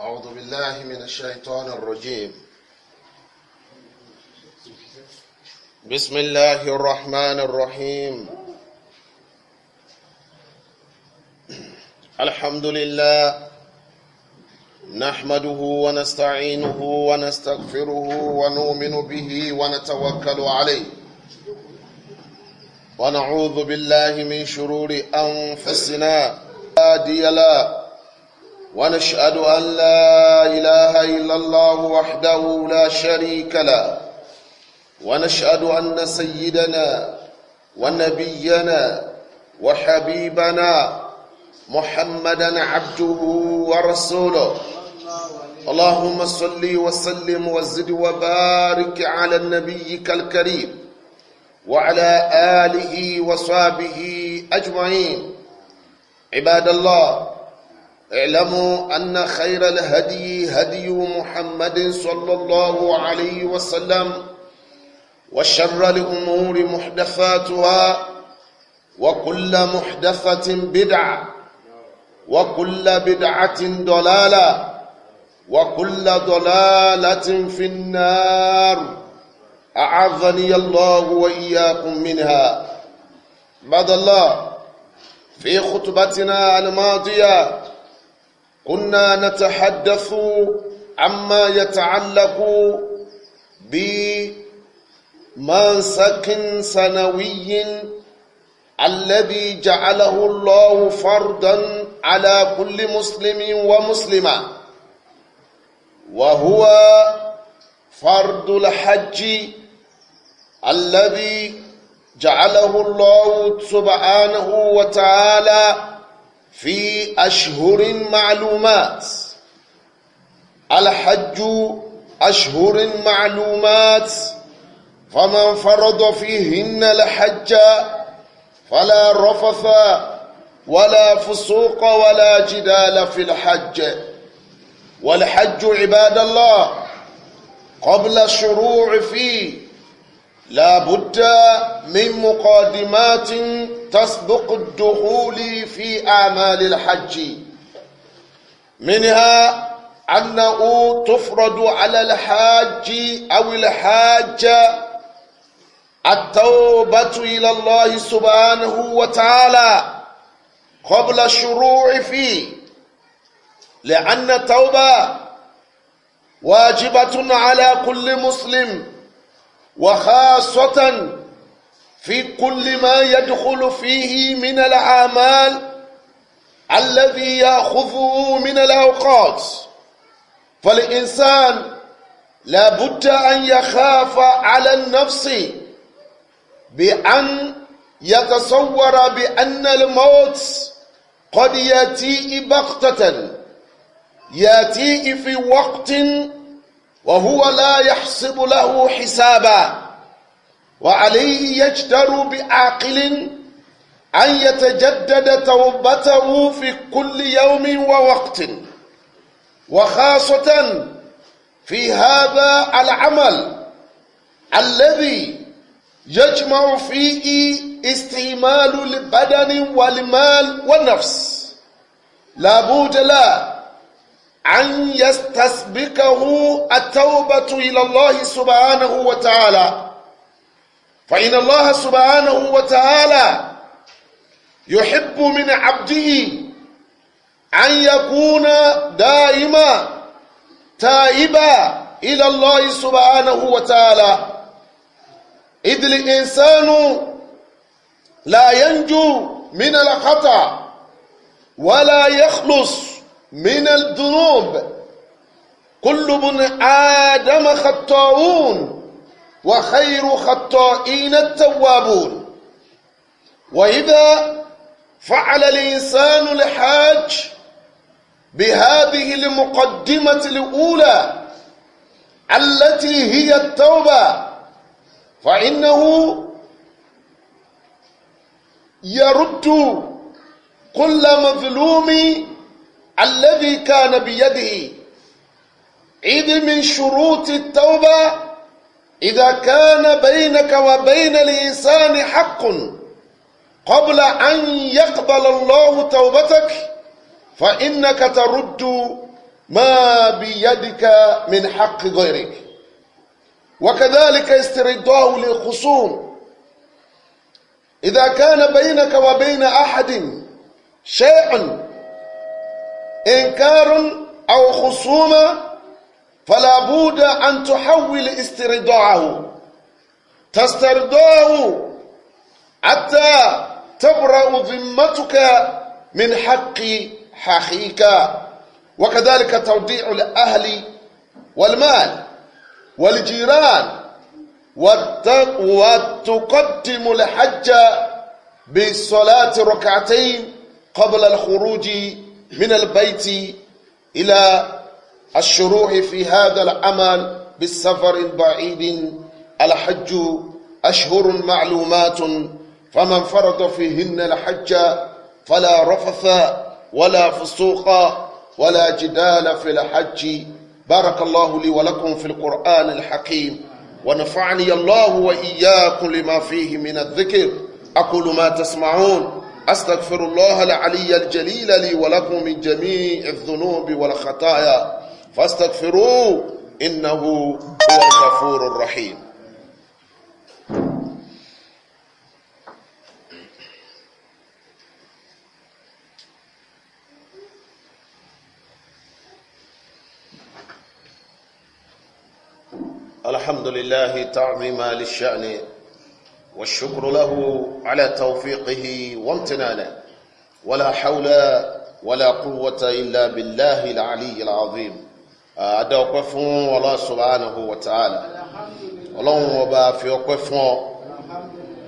أعوذ بالله من الشيطان الرجيم بسم الله الرحمن الرحيم الحمد لله نحمده ونستعينه ونستغفره ونؤمن به ونتوكل عليه ونعوذ بالله من شرور أنفسنا لا له ونشهد أن لا إله إلا الله وحده لا شريك له ونشهد أن سيدنا ونبينا وحبيبنا محمدا عبده ورسوله اللهم صل وسلم وزد وبارك على نبيك الكريم وعلى آله وصحبه أجمعين عباد الله اعلموا أن خير الهدي هدي محمد صلى الله عليه وسلم وشر الأمور محدثاتها وكل محدثة بدعة وكل بدعة ضلالة وكل ضلالة في النار أعظني الله وإياكم منها بعد الله في خطبتنا الماضية كنا نتحدث عما يتعلق بمنسك سنوي الذي جعله الله فرضا على كل مسلم ومسلمة وهو فرض الحج الذي جعله الله سبحانه وتعالى في أشهر معلومات الحج أشهر معلومات فمن فرض فيهن الحج فلا رفث ولا فسوق ولا جدال في الحج والحج عباد الله قبل الشروع فيه لا بد من مقادمات تسبق الدخول في آمال الحج منها أنه تفرض على الحاج أو الحاجة التوبة إلى الله سبحانه وتعالى قبل الشروع فيه لأن التوبة واجبة على كل مسلم وخاصة في كل ما يدخل فيه من الأعمال الذي يأخذه من الأوقات فالإنسان لابد أن يخاف على النفس بأن يتصور بأن الموت قد يأتي بغتة يأتي في وقت وهو لا يحسب له حسابا وعليه يجدر بعاقل أن يتجدد توبته في كل يوم ووقت وخاصة في هذا العمل الذي يجمع فيه استعمال البدن والمال والنفس لا بد له أن يستسبقه التوبة إلى الله سبحانه وتعالى فإن الله سبحانه وتعالى يحب من عبده أن يكون دائما تائبا إلى الله سبحانه وتعالى إذ الإنسان لا ينجو من الخطأ ولا يخلص من الذنوب كل بن آدم خطاؤون وخير خطائين التوابون وإذا فعل الإنسان الحاج بهذه المقدمة الأولى التي هي التوبة فإنه يرد كل مظلوم الذي كان بيده إذ من شروط التوبة إذا كان بينك وبين الإنسان حق قبل أن يقبل الله توبتك فإنك ترد ما بيدك من حق غيرك وكذلك استرداه للخصوم إذا كان بينك وبين أحد شيء إنكار أو خصومة فلا بد أن تحول استرضاعه تسترضاه حتى تبرأ ذمتك من حق حقيك وكذلك توديع الأهل والمال والجيران وتقدم الحج بالصلاة ركعتين قبل الخروج من البيت إلى الشروع في هذا العمل بالسفر البعيد الحج أشهر معلومات فمن فرض فيهن الحج فلا رفث ولا فسوق ولا جدال في الحج بارك الله لي ولكم في القرآن الحكيم ونفعني الله وإياكم لما فيه من الذكر أقول ما تسمعون أستغفر الله العلي الجليل لي ولكم من جميع الذنوب والخطايا فاستغفروه إنه هو الغفور الرحيم الحمد لله تعظيما للشأن والشكر له على توفيقه وامتنانه ولا حول ولا قوة إلا بالله العلي العظيم adá fún Allah subhanahu wa ọlọ́run ọba fi ọpẹ́ fún ọ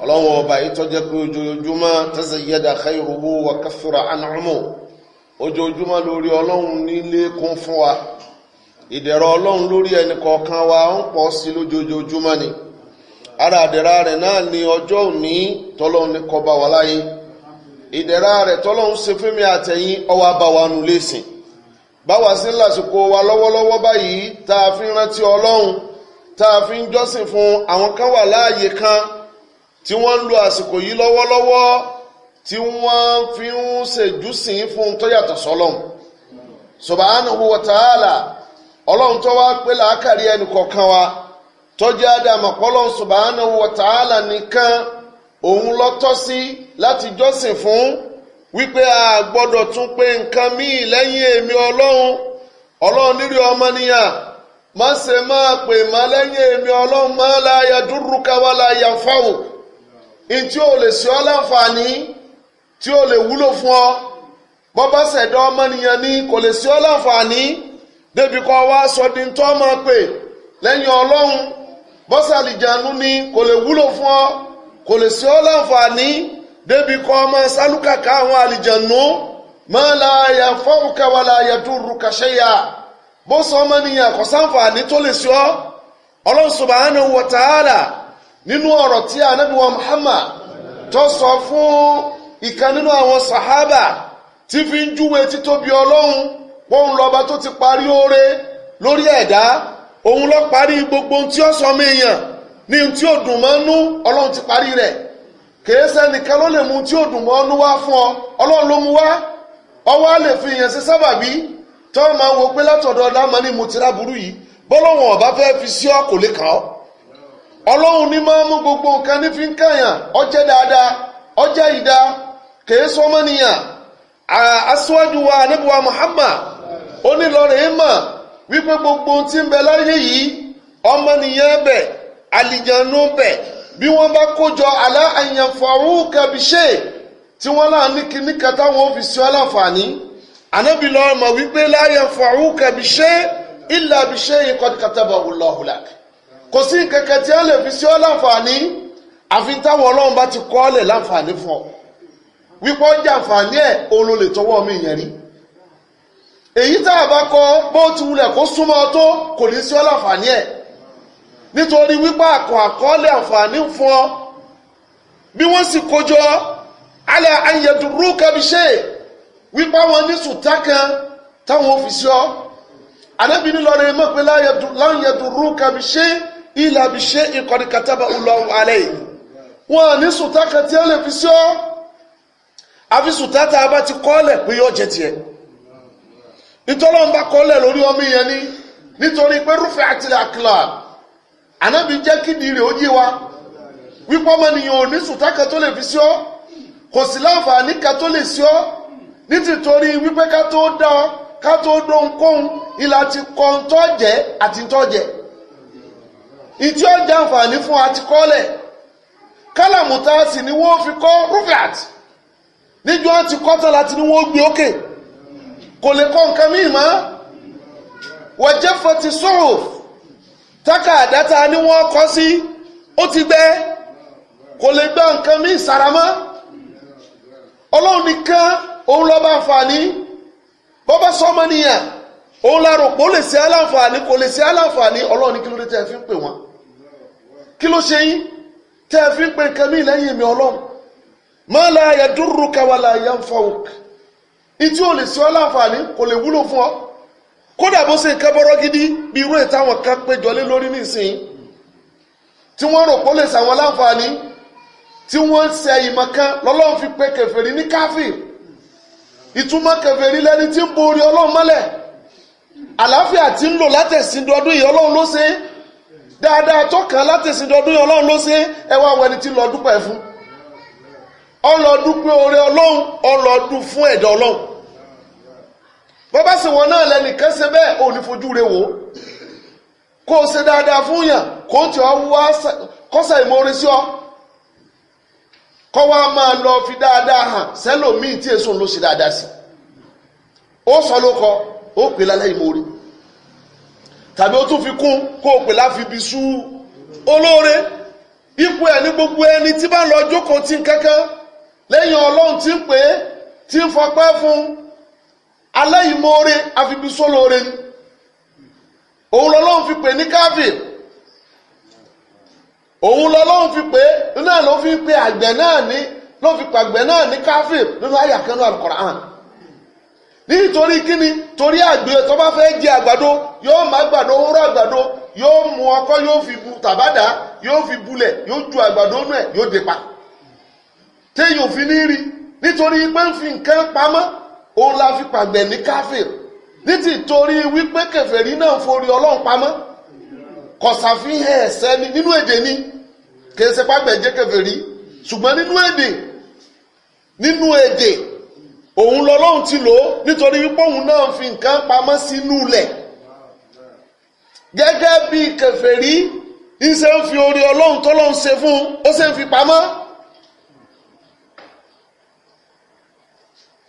ọlọ́run ọba ìtọ́jẹ́ pé ojoojúmọ́ tazayyada khayruhu wa kathura an'amu ojoojúmọ́ lórí ọlọ́run nílé kún fún wa ìdẹ̀rọ ọlọ́run lórí ẹnì kọ̀ọ̀kan wa ni ara àdẹ̀rà rẹ̀ náà ni ní kọba wà láyé rẹ̀ tọ́lọ́run ṣe fún mi àtẹ̀yìn ọwọ́ báwa sí lásìkò wa lọ́wọ́lọ́wọ́ báyìí tá a fi rántí ọlọ́run tá a fi ń jọ́sìn fún àwọn kan wà láàyè kan tí wọ́n ń lo àsìkò yìí lọ́wọ́lọ́wọ́ tí wọ́n fi ń ṣèjúsìn fún tó yàtọ̀ sọ́lọ́run subhanahu wa ọlọ́run tó wá pé làákàrí ẹnì kọ̀ọ̀kan wa tọ́jú àdàmọ̀ pọ́lọ́run subhanahu wa ta'ala nìkan òun lọ́tọ́ sí láti jọ́sìn fún wípé a gbọ́dọ̀ tún pé nǹkan míì lẹ́yìn èmi ọlọ́run ọlọ́run nírí ọmọnìyàn má ṣe máa pè má lẹ́yìn èmi ọlọ́run má láyà dúrúkà wá láyà fáwọn ní tí ò lè ṣe ọ́ láǹfààní tí ò lè wúlò fún ọ bọ́ bá ṣẹ̀dá ọmọnìyàn ní kò lè ṣe ọ́ láǹfààní débi kan wá sọ máa pè lẹ́yìn ọlọ́run bọ́sàlìjànú ni kò lè wúlò fún ọ kò lè ṣe ọ́ láǹfààní débi kọ́ ọmọ sálúkàkà àwọn àlìjànú máa la àyà fọ́ọ̀kà wà la àyà tó rù kàṣẹ́ yà bó sọ ọmọ nìyàn kò sáǹfààní tó lè sọ ọlọ́run subhanahu wa ta'ala nínú ọ̀rọ̀ tí ànábì wa Muhammad tó sọ fún ìkan nínú àwọn sàhábà tí fi ń júwe títóbi ọlọ́run pọ́n lọ́ba tó ti parí oore lórí ẹ̀dá òun ló parí gbogbo ohun tí ó sọ mí èèyàn ní ohun tí ó dùn mọ́nú ọlọ́run ti parí rẹ̀ kìí sẹ́nìkan ló lè mú tí ò dùn mọ́ ọ́nú wá ọ ọlọ́run ló mú wá ọwọ́ á lè fi ìyẹn sí sábàbí tó máa wo pé látọ̀dọ̀ ọ̀dàmọ́ mo ti ráburú yìí fẹ́ fi sí ọ kò lè kàn gbogbo nǹkan ní fi ń kàyàn ọjẹ́ dáadáa ọjẹ́ ìdá aṣíwájú wa Muhammad gbogbo ohun ń bẹ láyé yìí ọmọnìyàn bí wọ́n bá kójọ alẹ́ àyànfọ̀rún kẹbíṣẹ́ tí wọ́n náà ní kíní kẹta wọn fi sí ọlọ́fààní ànábì lọ́ọ́ mọ̀ wípé láyànfọ̀rún kẹbíṣẹ́ ilẹ̀ àbíṣẹ́ ìkọ́ni kẹtẹ́bọ̀ wùlọ́hùlák kò sí kẹ̀kẹ́ tí wọ́n lè fi sí ọlọ́fààní àfi táwọn ọlọ́run bá ti kọ́ ọ́lẹ̀ láǹfààní fún ọ wípé ó jẹ́ àǹfààní ẹ̀ òun lè tọwọ́ mi yẹn rí èyí tá a bá kọ bó ti wulẹ̀ kó súnmọ́ tó kò ní sí ọlọ́fààní ẹ̀ nítorí wípé àkàn àkọọ́lẹ̀ àǹfààní fún ọ bí wọ́n sì kójọ alẹ́ ayẹ̀dúró kẹbíṣẹ́ wípé àwọn ní sùtá kan táwọn òfìsí ọ ànábì ní lọ́rọ̀ ẹ̀mọ́ pé láyẹ̀dúró kẹbíṣẹ́ ilà bíṣẹ́ ìkọ̀dí kàtàbà ọlọ́run alẹ́ yìí wọn ní sùtá kan tí ó lè fi sí ọ àfi sùtá tá a bá ti kọ́ọ̀lẹ̀ pé yóò jẹ tiẹ̀ nítorí wọn bá kọ́ọ̀lẹ̀ lórí ọmọ ìyẹn ní nítorí pé rúfẹ́ àtìlẹ̀ àkìlà ànábì jẹ́ kí ni rè ó yé wa wípé ọmọnìyàn ò ní sùtá kan tó lè fi sí ọ kò sí láǹfààní kan tó lè sí ọ nítìtorí wípé ká tó dá ọ ká tó dóhunkóhun ìlà ti kọ ntọ́jẹ́ àti ntọ́jẹ́ ìtí ọjà àǹfààní fún àti kọ́lẹ̀ kálàmù sì ni wọ́n fi kọ́ rufiat níjọ́ àti kọ́tà láti ni wọ́n gbé òkè kò lè kọ́ nǹkan míì mọ́ wọ́n jẹ́ fẹ́ ti sọ̀rọ̀. taka ta ni wọ́n kọ́ sí ó ti gbẹ kò lè gbọ́ nǹkan mí ìsaramọ́ ọlọ́run nìkan òun ló bá sọ́mọ́ òun la rò pé ó lè ṣe aláǹfààní kò lè ṣe aláǹfààní ọlọ́run fi ń pè wọ́n kí ló ṣe yín tẹ́ ẹ fi ń pè nǹkan lẹ́yìn mi ọlọ́run ma la yadurruka wala yanfa'uk ìtí ò lè ṣe kò lè wúlò fún kódà bó ṣe nǹkan bọ́rọ́ gidi bí irú ìtàwọn kan péjọ lé lórí nísìnyí tí wọ́n rò kó lè ṣàwọn láǹfààní tí wọ́n ń ṣe ìmọ̀ kan lọ́lọ́run fi pe kèfèrí ní káfíìn ìtumọ̀ kèfèrí lẹ́ni tí ń borí ọlọ́run mọ́lẹ̀ àlàáfíà tí ń lò látẹ̀síndọ̀ ọdún yìí ọlọ́run ló ṣe dáadáa tọ́kàn látẹ̀síndọ̀ ọdún yìí ọlọ́run ló ṣe ẹ wá wẹni tí lọ́ọ́ dúpẹ́ fún ọlọ́ọ̀dún pé oore ọlọ́run ọlọ́ọ̀dún fún ẹ̀dá ọlọ́run bọ́bá sì wọn náà lẹ́nìkan ṣe bẹ́ẹ̀ ò ní fojú rẹ̀ wò kó o ṣe dáadáa fún yàn kó o tí ọ wá kọ́sà ìmoore sí ọ kọ́ wa máa lọ fi dáadáa hàn sẹ́lòmíì tí èso ló ṣe dáadáa sí ó sọ ló kọ ó pè lálẹ́ ìmoore tàbí ó tún fi kún kó o pè láfi bí sú olóore ipò ẹ̀ ní gbogbo ẹni tí bá lọ jókòó tí ń kankan lẹ́yìn ọlọ́run tí ń pè é tí ń fọpẹ́ fún un aláìmoore afibisólóore ni òun lọ́lọ́run fi pè ní káfíìn òun lọ́lọ́run fi pè náà ló fi pè àgbẹ̀ náà ní ló fi náà ní nínú àyà kan nítorí kíni torí àgbẹ̀ tó bá fẹ́ jẹ àgbàdo yóò má gbàdo àgbàdo yóò yóò fi bu tàbádà yóò ju àgbàdo nù ẹ̀ yóò dé pa téèyàn fi ní rí nítorí pé ń fi òun la fi pàgbẹ̀ ní káfíìn nítì torí wípé kèfèrí náà forí ọlọ́run pamọ́ kọ̀sàfihàn ẹ̀ṣẹ̀ ni nínú èdè ni kì í ṣe pàgbẹ̀ jẹ́ kèfèrí ṣùgbọ́n nínú èdè nínú èdè òun lọ́lọ́run ti lò ó nítorí wípé òun náà fi nǹkan pamọ́ sínú ilẹ̀ gẹ́gẹ́ bí kèfèrí ń ṣe ń fi orí ọlọ́run tọ́lọ́run ṣe fún ó ṣe ń fi pamọ́.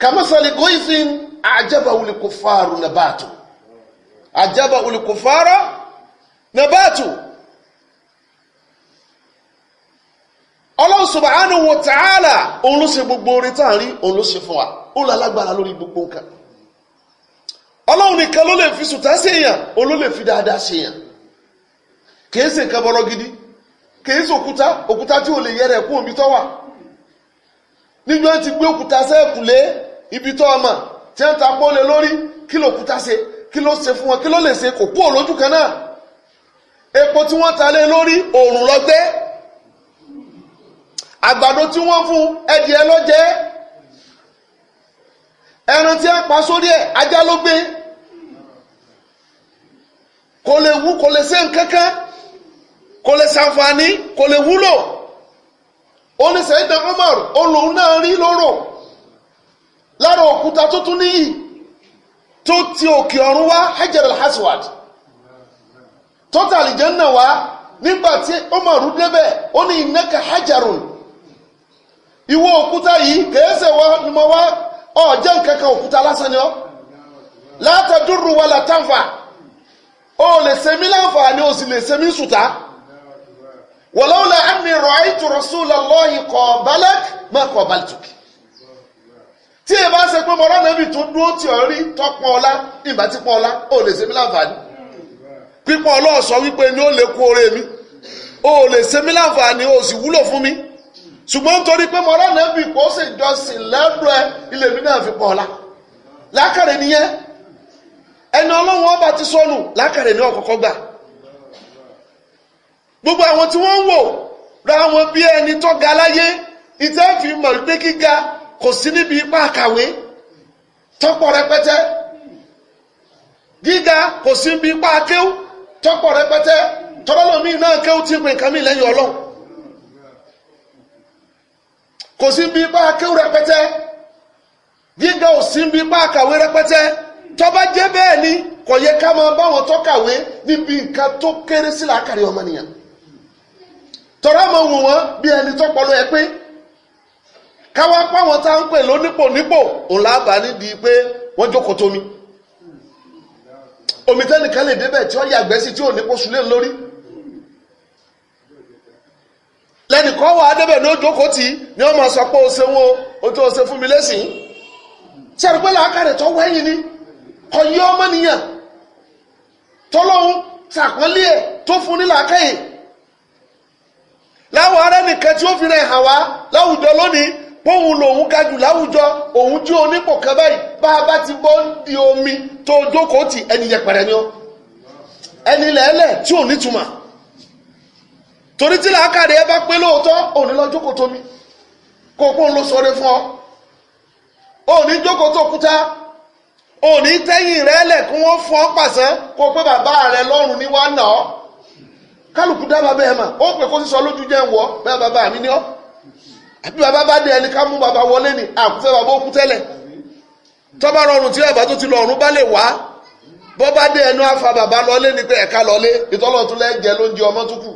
kamasali goifin ajaba ulikufaru nabatu ajaba ulikufara nabatu ọlọ́run subhanahu wa ta'ala òun ló ṣe gbogbo orin tá à ń rí òun ló ṣe fún wa ó lọ alágbára lórí gbogbo nǹkan ọlọ́run nìkan ló lè fi sùtá sí èèyàn òun ló lè fi dáadáa sí èèyàn kìí ṣe nǹkan bọ́rọ̀ gidi kìí ṣe òkúta òkúta tí ò lè yẹrẹ kú omi tó wà níjọ́ ti gbé òkúta sẹ́ẹ̀kùlé ibi tó ọmọ tí wọ́n ta pọ́lẹ̀ lórí kí ló kúta ṣe kí ló ṣe fún wọn kí ló lè ṣe kò kúrò lójú kan náà epo tí wọ́n ta lé lórí òòrùn ló gbé àgbàdo tí wọ́n fún ẹdìẹ ló jẹ ẹran tí wọ́n pa sórí ẹ̀ ajá ló gbé kò lè wú kò lè ṣe nǹkankan kò lè ṣàǹfààní kò lè wúlò oníṣẹ́ ìdá Umar olóhùn náà rí lóró lára òkúta tó tún níyì tó ti òkè ọ̀run wá hajar al-aswad tó ti àlìjẹ́nà wá nígbà tí umaru débẹ̀ ó ní innaka hajarun ìwọ òkúta yìí kèése wa ni mo wá ọ̀jẹ́ nǹkan òkúta lásán ni ọ́ wa látàǹfà ó lè ṣe láǹfààní ó sì lè ṣe mí sùtá walaula anni ra'aytu rasulallahi qabalak ma qabaltuki tí ẹ bá ṣe pé mo rán nàbì tó dúró tí ọ rí tọpọ ọlá ìgbà tí pọ ọlá ó lè ṣe mí láǹfààní pípọ ọlọ́ọ̀sọ wípé ni ó lè kú oore mi ó lè ṣe mí láǹfààní ó sì wúlò fún mi ṣùgbọ́n nítorí pé mo rán nàbì kó sì jọsìn lẹ́dọ̀ ẹ ilé mi náà fi pọ ọlá lákàrẹ̀ nìyẹn ẹni ọlọ́run ọba ti sọnù lákàrẹ̀ ní ọ̀kọ̀ọ̀kọ̀ gbà gbogbo àwọn tí wọ́n ń wò ra wọn bí ẹni tó kò sí níbi ipá àkàwé tọ́pọ̀ rẹpẹtẹ gíga kò sí níbi ipá akéwú tọ́pọ̀ rẹpẹtẹ tọ́lọ́lọ́mí náà kéwú ti pè nǹkan mi lẹ́yìn kò sí níbi ipá akéwú rẹpẹtẹ gíga ò sí níbi ipá àkàwé rẹpẹtẹ jẹ́ ni kò yẹ ká máa báwọn níbi nǹkan tó kéré sí làákàrí ọmọnìyàn tọrọ bí ẹni káwá páwọn tá ń pè lónípò nípò òun lábàá nídìí pé wọ́n jókòó tómi omi tẹ́nìkan lè débẹ̀ tí ó yàgbẹ́ sí tí ò ní oṣù lé e lórí lẹ́nìkan wà á débẹ̀ ní ojókòó tí ni wọ́n máa sọ pé o ṣe wo o tó ṣe fún mi lẹ́sìn tí ẹ̀rù pé làákàrẹ̀ tó wẹ́yìn ni kò yí ọmọ nìyàn tọ́lọ́hún ṣàpọ́nlé ẹ̀ tó fún ní làákàyè láwọn arẹ́nìkan tí ó fi rẹ̀ hàn wá láwùjọ lónìí póun lòun ga jù láwùjọ òun jí onípò kan báyìí bá a bá ti bọ́ di omi tó jókòó tì ẹni yẹpẹrẹ ni ó ẹni lẹ́lẹ̀ tí ò nítumọ̀ torí tí làákàrẹ̀ ẹ bá pé lóòótọ́ òní lọ jókòó tómi kó o póun ló sọre fún ọ òní jókòó tó kúta òní tẹ́yìn rẹ lẹ̀ kí wọ́n fọ́ pàṣẹ kó o pé bàbá rẹ lọ́rùn ní wàá nà ọ́ kálukú dábàá bẹ́ẹ̀ mà ó pè kó sísọ lójú jẹ́ wọ́ bẹ́ẹ̀ bàbá mi ni ọ́ àbí bàbá bá dé ẹni ká mú bàbá wọlé ni àkúfẹ́ bàbá òkú tẹ́lẹ̀ tọ́ba rọrùn tí bàbá tó ti lọ ọ̀run bá lè wá bọ́ bá dé ẹnu àfa bàbá lọlé ni pé ẹ̀ka lọlé ìtọ́lọ̀ tún lẹ́jẹ̀ ló ń jẹ ọmọ tó kù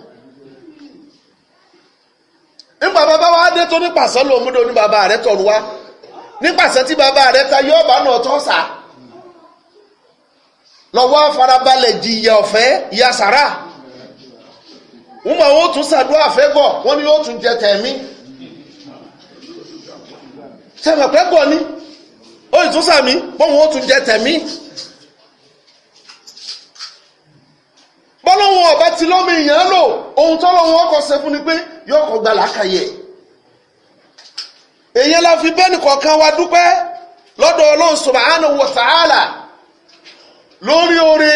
nígbà bàbá wa dé tó nípasẹ̀ ló mú dòní bàbá rẹ̀ tọ̀rù wá nípasẹ̀ tí bàbá rẹ̀ ta yọ ọ̀bà náà tọ́ sá lọ́wọ́ farabalẹ̀ jìyà ọ̀fẹ́ ìyà wọ́n mọ̀ wọ́n tún sàdúrà fẹ́ gọ̀ wọ́n ní yóò tún jẹ tẹ̀mí. tẹ̀mọ̀ pẹ́ ni ó ì tún sàmì bọ́wọ́n ó tún jẹ tẹ̀mí. bọ́lọ́wọ́n ọ̀bá ti lọ́mọ èèyàn lò ohun tọ́lọ́wọ́n ọkọ̀ ṣe fún ni pé yóò kọ́ gbà èèyàn la fi bẹ́ẹ̀nì kan wa dúpẹ́ lọ́dọ̀ ọlọ́run wa ta'ala lórí oore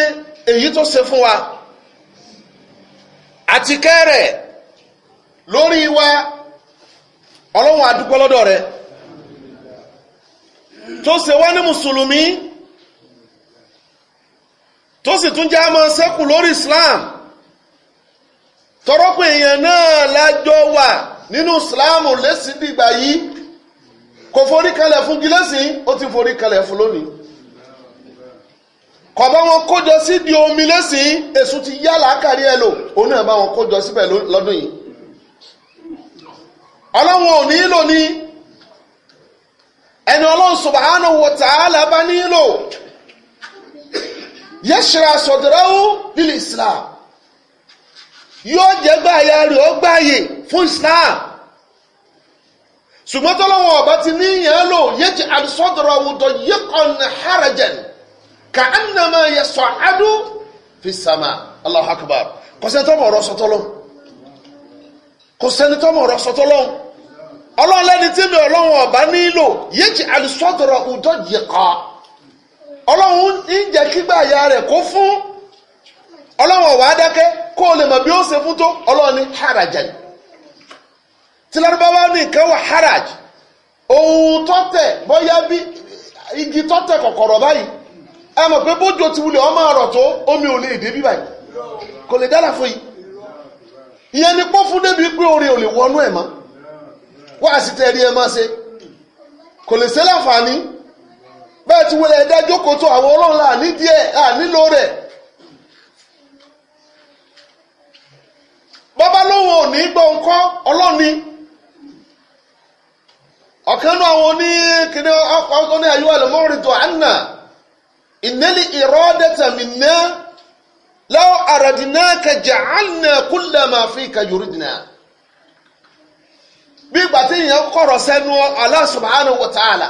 èyí tó ṣe wa àti kẹ́rẹ̀ lórí wa ọlọ́run tó ṣe wá ní mùsùlùmí tó sì tún jẹ́ àmọ́ sẹ́kù lórí islam tọ́rọ́pọ̀ èèyàn náà lájọ wà nínú islam lẹ́sìn dìgbà yìí kò forí kalẹ̀ fún gilẹ́sìn ó ti forí kalẹ̀ fún lónìí kò bá wọn kójọ sí di omi lẹ́sìn èṣù ti yá làákàrí ẹ lò òun náà bá wọn kójọ síbẹ̀ lọ́dún yìí ọlọ́wọ́n ò ní lò ní ẹni ọlọ́run subhanahu wa ta'ala bá nílò yẹ́sìrà sọ̀dọ̀rọ̀wó lílì islam yóò jẹ́ gbáyà rẹ̀ ó gbáyè fún islam ṣùgbọ́n tọ́lọ́wọ́n ọba ti níyàn lò yẹ́jì àdìsọ́dọ̀rọ̀wó tó yíkan harajan ka annama yas'adu fi sama Allahu akbar kò sẹ́ni ọ̀rọ̀ sọtọ́lọ́ kò sẹ́ni tọ́mọ̀ ọ̀rọ̀ sọtọ́lọ́ ọlọ́run tí mi ọlọ́run ọ̀bá nílò yéèjì àlùsọ́dọ̀rọ̀ ọjọ́ yìí ọlọ́run ń jẹ́ kígbà ya rẹ̀ kó fún ọlọ́run ọ̀wá dákẹ́ kó o lè mọ̀ bí ó ṣe fún tó ọlọ́run ní harajà yìí ní nǹkan wà haraj ohun tọ́tẹ̀ bí igi tọ́tẹ̀ kọ̀kọ̀rọ̀ báyìí ẹ mọ̀ pé bójú ti wulẹ̀ ọmọ ọ̀rọ̀ tó omi ò lè dé bí báyìí kò lè dára fún yìí ìyẹn ni wá sí tẹ̀rí ẹ má ṣe kò lè ṣe láǹfààní bẹ́ẹ̀ tí wọlé ẹ̀dá jókòó tó àwọn ọlọ́run là ní díẹ̀ à nílò rẹ̀ bàbá lóhùn ò ní gbọ́ nǹkan ọlọ́ni ọ̀kan náà àwọn oní kíní ọkùnrin ní àyíwá lọ́mọ́rin tó àná ìnẹ́lì ìrọ́dẹ́tàmì lọ́wọ́ àràdínà kẹjà àná kúlẹ̀ máa fi kàyọ̀rìdìnà. bí ìgbà tí èèyàn kọ̀rọ̀ sẹ́nu Allah subhanahu wa ta'ala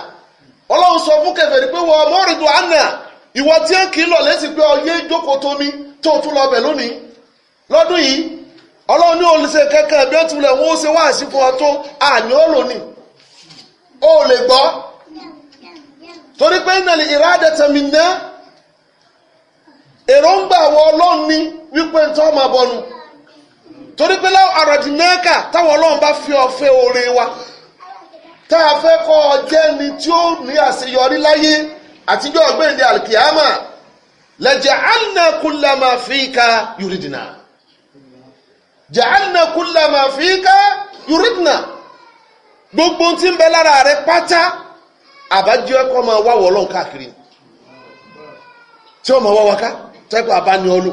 ọlọ́run sọ fún kèfèrí pé wọ́n mọ́rìndù àná ìwọ tí ń kì lọ lẹ́sìn pé ọyẹ́ ìjókòó tó mi tó tún lọ bẹ̀ lónìí lọ́dún yìí ọlọ́run ní olùsè kẹ́kẹ́ bí ó tún lẹ̀ wọ́n ṣe wá àsìkò ọ̀tún àní ó lò ní o lè gbọ́ torí pé ìrádẹ́tẹ̀ mi ná èròǹgbà wọ ọlọ́run ní wípé ọmọ torí pé láwọn àròjìnẹ́kà táwọn ọlọ́run bá fi ọ̀fẹ́ orin wa tá a fẹ́ kọ́ ọ jẹ́ ni tí ó ní àṣeyọrí láyé àtijọ́ ọ̀gbẹ́ndẹ́ alkiyama lẹ́jẹ̀ anakulama fika yuridina jẹ́ anakulama fika yuridina gbogbo tí ń bẹ lára rẹ pátá àbájọ ẹ̀kọ́ máa wá wọ́ọ́lọ́n káàkiri tí ó máa wá wá ká tẹ́kọ̀ abániọ́lù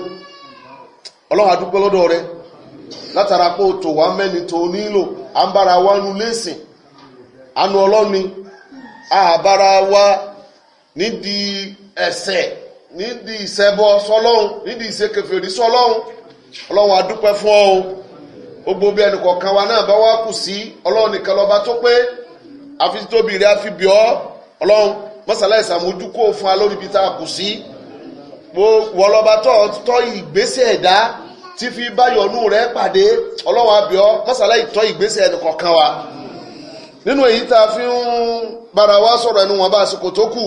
ọlọ́run àdúgbò lọ́dọ̀ rẹ̀ látara pé o tò wá mẹ́ni tó nílò a ń bára wa nu lẹ́sìn anú ọlọ́ni àbára wa ọ o gbogbo bí ẹnì kọ̀ọ̀kan wa náà bá wá kù sí ọlọ́run nìkan lọ́ba tó pé àfi tóbi rẹ̀ àfi fún tá Ti fi báyọ̀nù rẹ̀ pàdé ọlọ́wọ́ abíọ́ mọ́sálá ìtọ́ ìgbésẹ̀ ẹnì kọ̀ọ̀kan wa nínú èyí tá a fi ń bára wa sọ̀rọ̀ ẹnu wọn bá àsìkò tó kù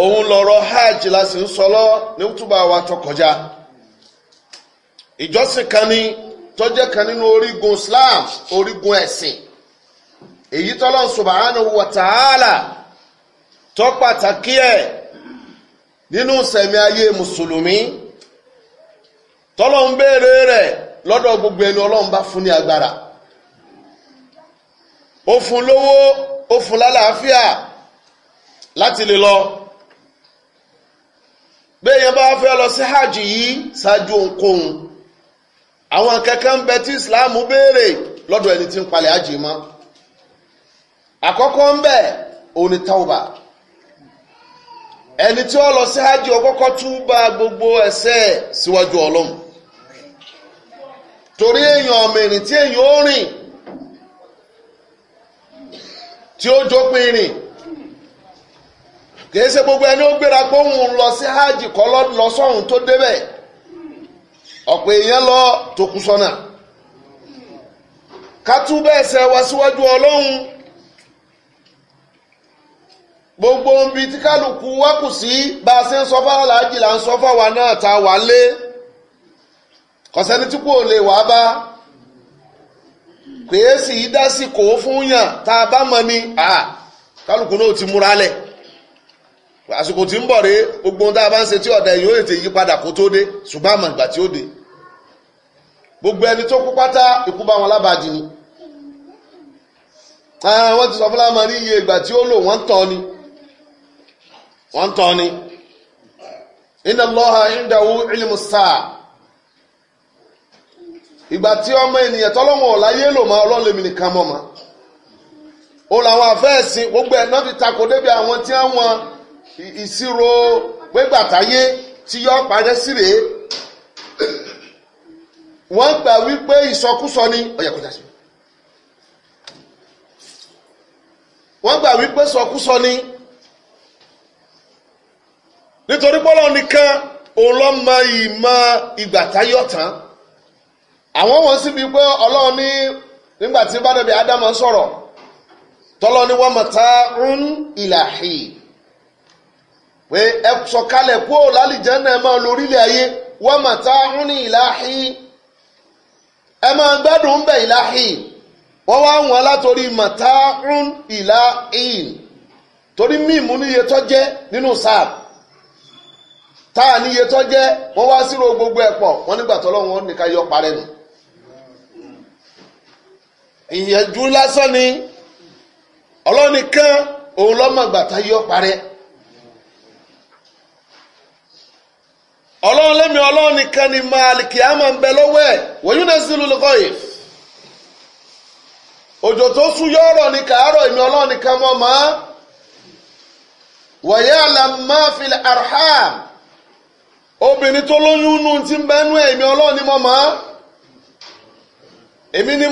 òun lọ̀rọ̀ hajj la sì ń sọlọ́ ní túbà wa tó kọjá ìjọsìn kan ni tó jẹ́ kan nínú orígun Islam orígun ẹ̀sìn èyí tọ́lọ́ subhanahu wa ta'ala tó pàtàkì ẹ̀ nínú sẹ̀mí ayé mùsùlùmí. Tọlọm ń rẹ lọdọ gbogbo ẹni ọlọ́run bá fún ní agbára ó fún lówó ó fún lálàáfíà láti lè lọ béèyàn bá fẹ́ lọ sí hajj yìí ṣáájú ohunkóhun àwọn kankan ń bẹ tí islam béèrè lọ́dọ̀ ẹni tí ń palẹ̀ hajj mọ́ àkọ́kọ́ ń bẹ òun ni tauba ẹni tí ó lọ sí hajj ó túbà gbogbo ẹ̀ṣẹ̀ síwájú ọlọ́run torí èèyàn ọmọ ti tí èèyàn ó rìn tí ó jópin rìn kìí ṣe gbogbo ẹni ó gbéra pé òun lọ sí hajj kọ́ lọ sọ́hun tó débẹ̀ ọ̀pọ̀ èèyàn lọ tó kú sọ́nà ká túbọ̀ ẹsẹ̀ wá síwájú ọlọ́run gbogbo ibi tí kálukú wá kù sí bá a ṣe ń sọ fáwọn làájì là ń sọ fáwọn náà ta wà lé. kọsẹni tí kò lè wá bá kèésì yi fún yàn tá a bá mọ ni kálukú náà ti múra lẹ̀ àsìkò tí ń bọ̀ rèé gbogbo ohun tá a bá ń ṣe tí ọ̀dà yóò ètè yí padà kó tó dé ṣùgbọ́n àmọ̀ ìgbà tí ó dé gbogbo ẹni tó kú pátá ikú bá wọn lábàájì ni wọ́n ti sọ fún lámà ní iye ìgbà tí ó lò wọ́n tọ́ ni wọ́n tọ́ ni inna Allaha indahu ìgbà tí ọmọ ènìyàn tọ́lọ́wọ̀n láyé lò mọ́ ọlọ́lẹ́mì nìkan mọ́ mọ́ ó làwọn àfẹ́ẹ̀sìn gbogbo ẹ̀ náà fi takò débi àwọn tí wọ́n ìṣirò gbégbàtáyé tí yọ parẹ́ sí rèé wọ́n gbà wípé ìsọkúsọ ni ọ̀yà kọjá sí wọ́n gbà wípé sọkúsọ ni nítorí pọ́lọ́ nìkan òun lọ́ mọ ìmọ̀ ìgbàtáyé ọ̀tán àwọn wọn síbi pé ọlọ́run ní nígbà tí bádẹ́bí ádámà sọ̀rọ̀ tọ́lọ́ ní wọ́n mọ̀tá ń ìlàhì pé ẹ sọ̀kalẹ̀ kú ò lálìjẹ́nà ẹ máa lórílẹ̀ ayé wọ́n mọ̀tá ń ìlàhì ẹ máa gbádùn ń bẹ̀ ìlàhì wọ́n wá wọn látòrí mọ̀tá ń ìlàhì torí mímu níye tó jẹ́ nínú sáàbù táà níye tó jẹ́ wọ́n wá sírò gbogbo ẹ̀ pọ̀ wọ́n nígbà tọ́lọ́ wọn nìkan yọ parẹ́ nù. ìyẹnjú lásán ni ọlọ́nìkan òun lọ́mọ̀gbà tá yọ parẹ́ ọlọ́run ni máàlìkì á ń bẹ lọ́wọ́ ẹ̀ sí lulùkọ́ yìí òjò tó sún yọ ọ̀rọ̀ ní kàárọ̀ èmi ọlọ́run mọ́ wọ̀yẹ́ arham obìnrin tó lóyún nù ti ń bẹ́nu mọ́ èmi ni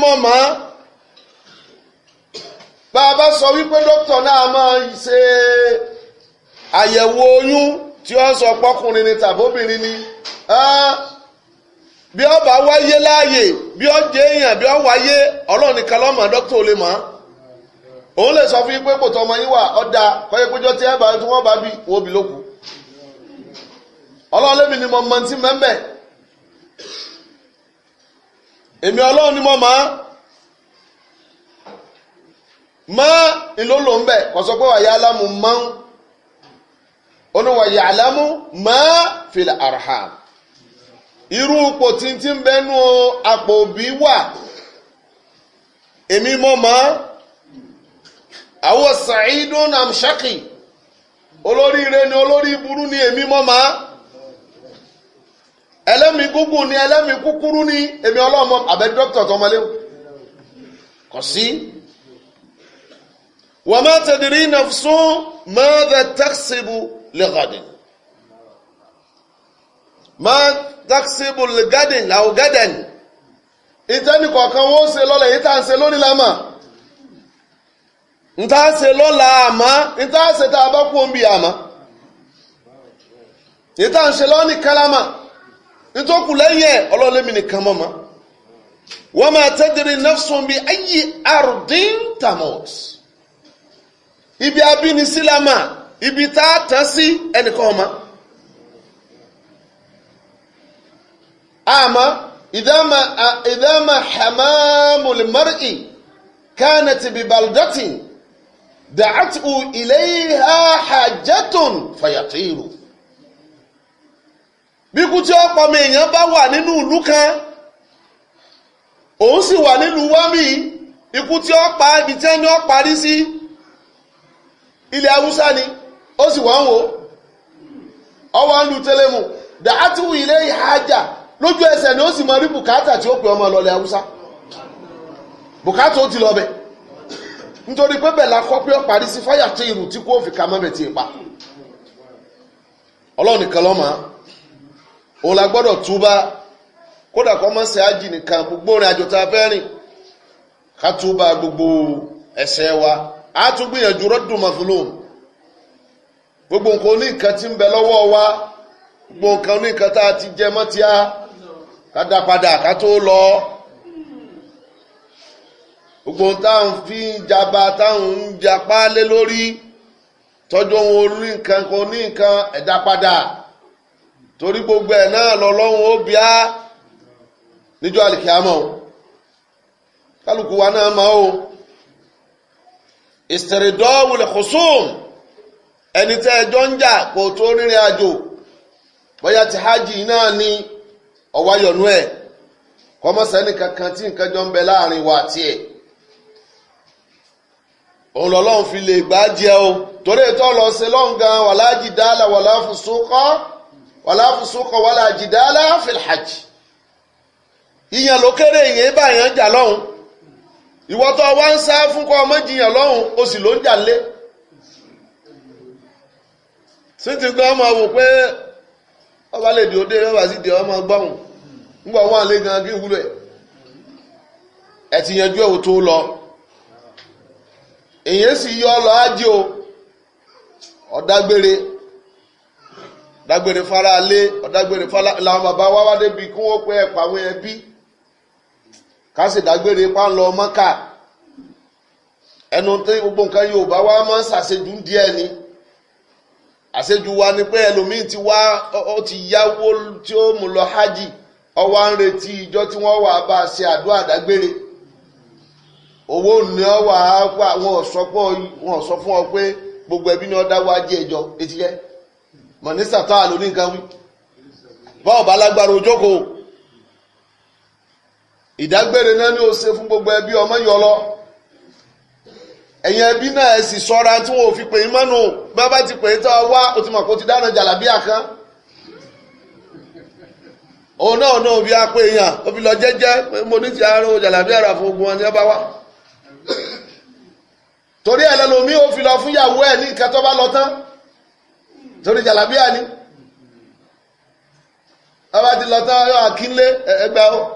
bá a bá sọ wípé dókítà náà máa ṣe àyẹ̀wò oyún tí ó sọ pọ́kùnrin ni tàbóbìnrin ni bí ó bá wáyé láàyè bí ó jẹ́ èèyàn bí ó wáyé ọlọ́run nìkan ló mọ̀ dókítà ò lè mọ̀ òun lè sọ fún yín pé kò tọ́ ọmọ yín wà ọ̀dà kọ́yé péjọ tí ẹ tí wọ́n bá bí wọ́n bí lókun ọlọ́run lèmi ni mo mọ̀ ti mẹ́mẹ́ èmi ọlọ́run ni mo mọ̀ máa ìlólò ń bẹ̀ kò sọ pé wàyà alámù máa ń olùwàyà alámù máa fil arham irú ipò títí ń bẹnu àpò òbí wà èmi mọ̀ mọ́ àwọn sàìdùn amṣákì olórí ire ni olórí burú ni èmi mọ̀ mọ́ ẹlẹ́mi gúgù ni ẹlẹ́mi kúkúrú ni èmi ọlọ́mọ àbẹ dókítà tọmọlé kò sí. وما تدري tẹ̀dìrí ماذا má bẹ ما lẹ́gàdìn má tẹ́kṣìbù lẹ́gàdìn làwọn gẹ́dẹ̀n ìtẹ́nì kọ̀ọ̀kan wọ́n ṣe lọ́lẹ̀ yìí tá à ń ṣe lónìí lámà ń tá à ṣe lọ́la àmá ń tá à ṣe bá kú òun àmá yìí tá à ń ṣe lọ́ọ́ nìkan lámà lẹ́yìn ẹ̀ ọlọ́lẹ́mi nìkan mọ́ wọ́n máa tẹ́dìrí nafsun bíi ayé àrùndín tamọ́ọ̀sì ibi abínisílámà ibi tá a tán sí ẹnìkan ọmọ. àmọ́ ìdámà ìdámà hamamul mar'i كانت ببلدة دعته إليها حاجة فيطير bíkú tí ọ̀pọ̀ ọmọ èèyàn bá wà nínú ìlú kan òun sì wà nílùú wámi ikú tí ọ̀pá ibi tí ẹni ọ̀parí sí ilẹ̀ haúsá ni ó sì wọ́n wò ọwọ́ ń lu tẹlẹmù dà á ti ilé ìhájà lójú ẹsẹ̀ ni ó sì mọ rí bùkátà tí ó pè ọmọ lọlẹ̀ haúsá bùkátà ó ti lọ bẹ̀ nítorí pé bẹ́ẹ̀ la kọ́ pé ó iru sí fáyà tí tí kò fi ka mọ́bẹ̀ ti ì pa ọlọ́run nìkan lọ́mọ òun la gbọ́dọ̀ túbá kódà kọ́ mọ́ sí ájì nìkan gbogbo orin àjò tá a fẹ́ rìn ká túbá gbogbo ẹ̀ṣẹ̀ wa a tún gbìyànjú rọ́dùn mazlum gbogbo nǹkan oníkan ti ń bẹ lọ́wọ́ wa gbogbo nǹkan oníkan tá a ti jẹ mọ́ ti a ká padà ká tó lọ gbogbo táwọn fi ń jaba táwọn ń japa lé lórí tọ́jú ohun orí nǹkan kan ní nǹkan ẹ̀dá padà torí gbogbo ẹ̀ náà lọ́lọ́run ó bíá níjọ́ àlìkíyàmọ́ kálukú wa náà máa ó. ìsìtẹ̀rẹ̀dọ́wùlẹ̀ kùsùn ẹni tẹ́ ẹjọ́ ń jà kò tó rìnrìn àjò bóyá ti hajj náà ni ọ̀wáyọ̀nú ẹ̀ kọ́mọ́sẹ́ni kankan tí nǹkan jọ ń bẹ láàrin wa tiẹ̀ òun lọ́lọ́run fi lè gbá jẹ o torí ètò ọlọ́sẹ̀ lọ́ngàn wàlájì wàlájì fìlhàjì ìyẹn ló kéré ìyẹn jà lọ́hùn ìwọ́tọ̀ wá ń sá fún kọ́ ọmọ lọ́hùn o sì ló ń jà lé síntì gan ọmọ wò pé ọba lè di òde ọba sì ọmọ gbọ́hùn lé gan kí wúlò ti yanjú wò tó lọ èyàn sì yọ ọ lọ ájì o ọ̀dágbére dágbére fara lé ọ̀dágbére fara làwọn bàbá wa wá débi kí ká sì dágbére pa ń lọ mọ́kà ẹnu tí gbogbo nǹkan yorùbá wa máa ń ṣàṣejù díẹ̀ ni àṣejù wa ni pé ẹlòmíín ti wá ó ti yáwó tí ó mú lọ hajj ọwọ́ à ń retí ìjọ tí wọ́n wà bá a ṣe àdúrà dágbére owó ní ọ wà á wà wọn ò sọ fún ọ pé gbogbo ẹbí ni ọ dá wájú ẹjọ etí jẹ mọ̀ ní sàtọ́ àlórí wí bọ́ọ̀ bá lágbára ojókòó. ìdágbére náà ni fún gbogbo ẹbí ọmọ yọlọ ẹ̀yìn ẹbí náà ẹ sì sọ́ra tí wọ́n fi pè é mọ́nu bí bá ti pè é tọ́ wá o ti dáná jàlábíà kan òun náà náà bí èèyàn lọ jẹ́jẹ́ mo ogun wa torí omi lọ fún ìyàwó ẹ̀ ní bá lọ tán torí jàlábíà ti lọ tán ẹgbẹ́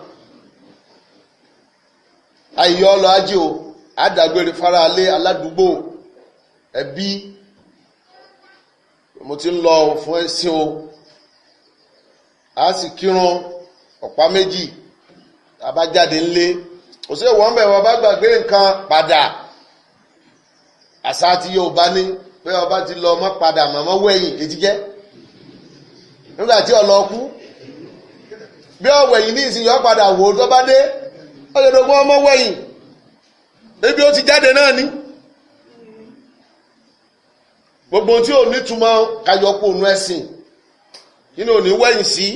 àyè ọlọ ajé o àdàgbére faraálé aládùúgbò ẹbí mo ti ń lọ fún ẹsìn o a sì kírun ọ̀pá méjì àbájáde ńlé òsè wọ́n bẹ̀ wọ́n bá gbàgbé nǹkan padà àṣà tí yóò bá ní pé ọba ti lọ ọmọ padà màmá wẹ̀yìn ètijẹ́ nígbà tí ọlọ́kú bí ọ̀wẹ̀yìn ní ìsinyìí ọ̀padà wò ó tó bá dé ọ̀dọ̀dọ̀gbọ́n ọmọ wẹ̀yìn ebi ó ti jáde náà ni gbogbo tí ò nítumọ̀ kayọ̀pọ̀ ònú ẹ̀sìn nínú òní wẹ̀yìn sí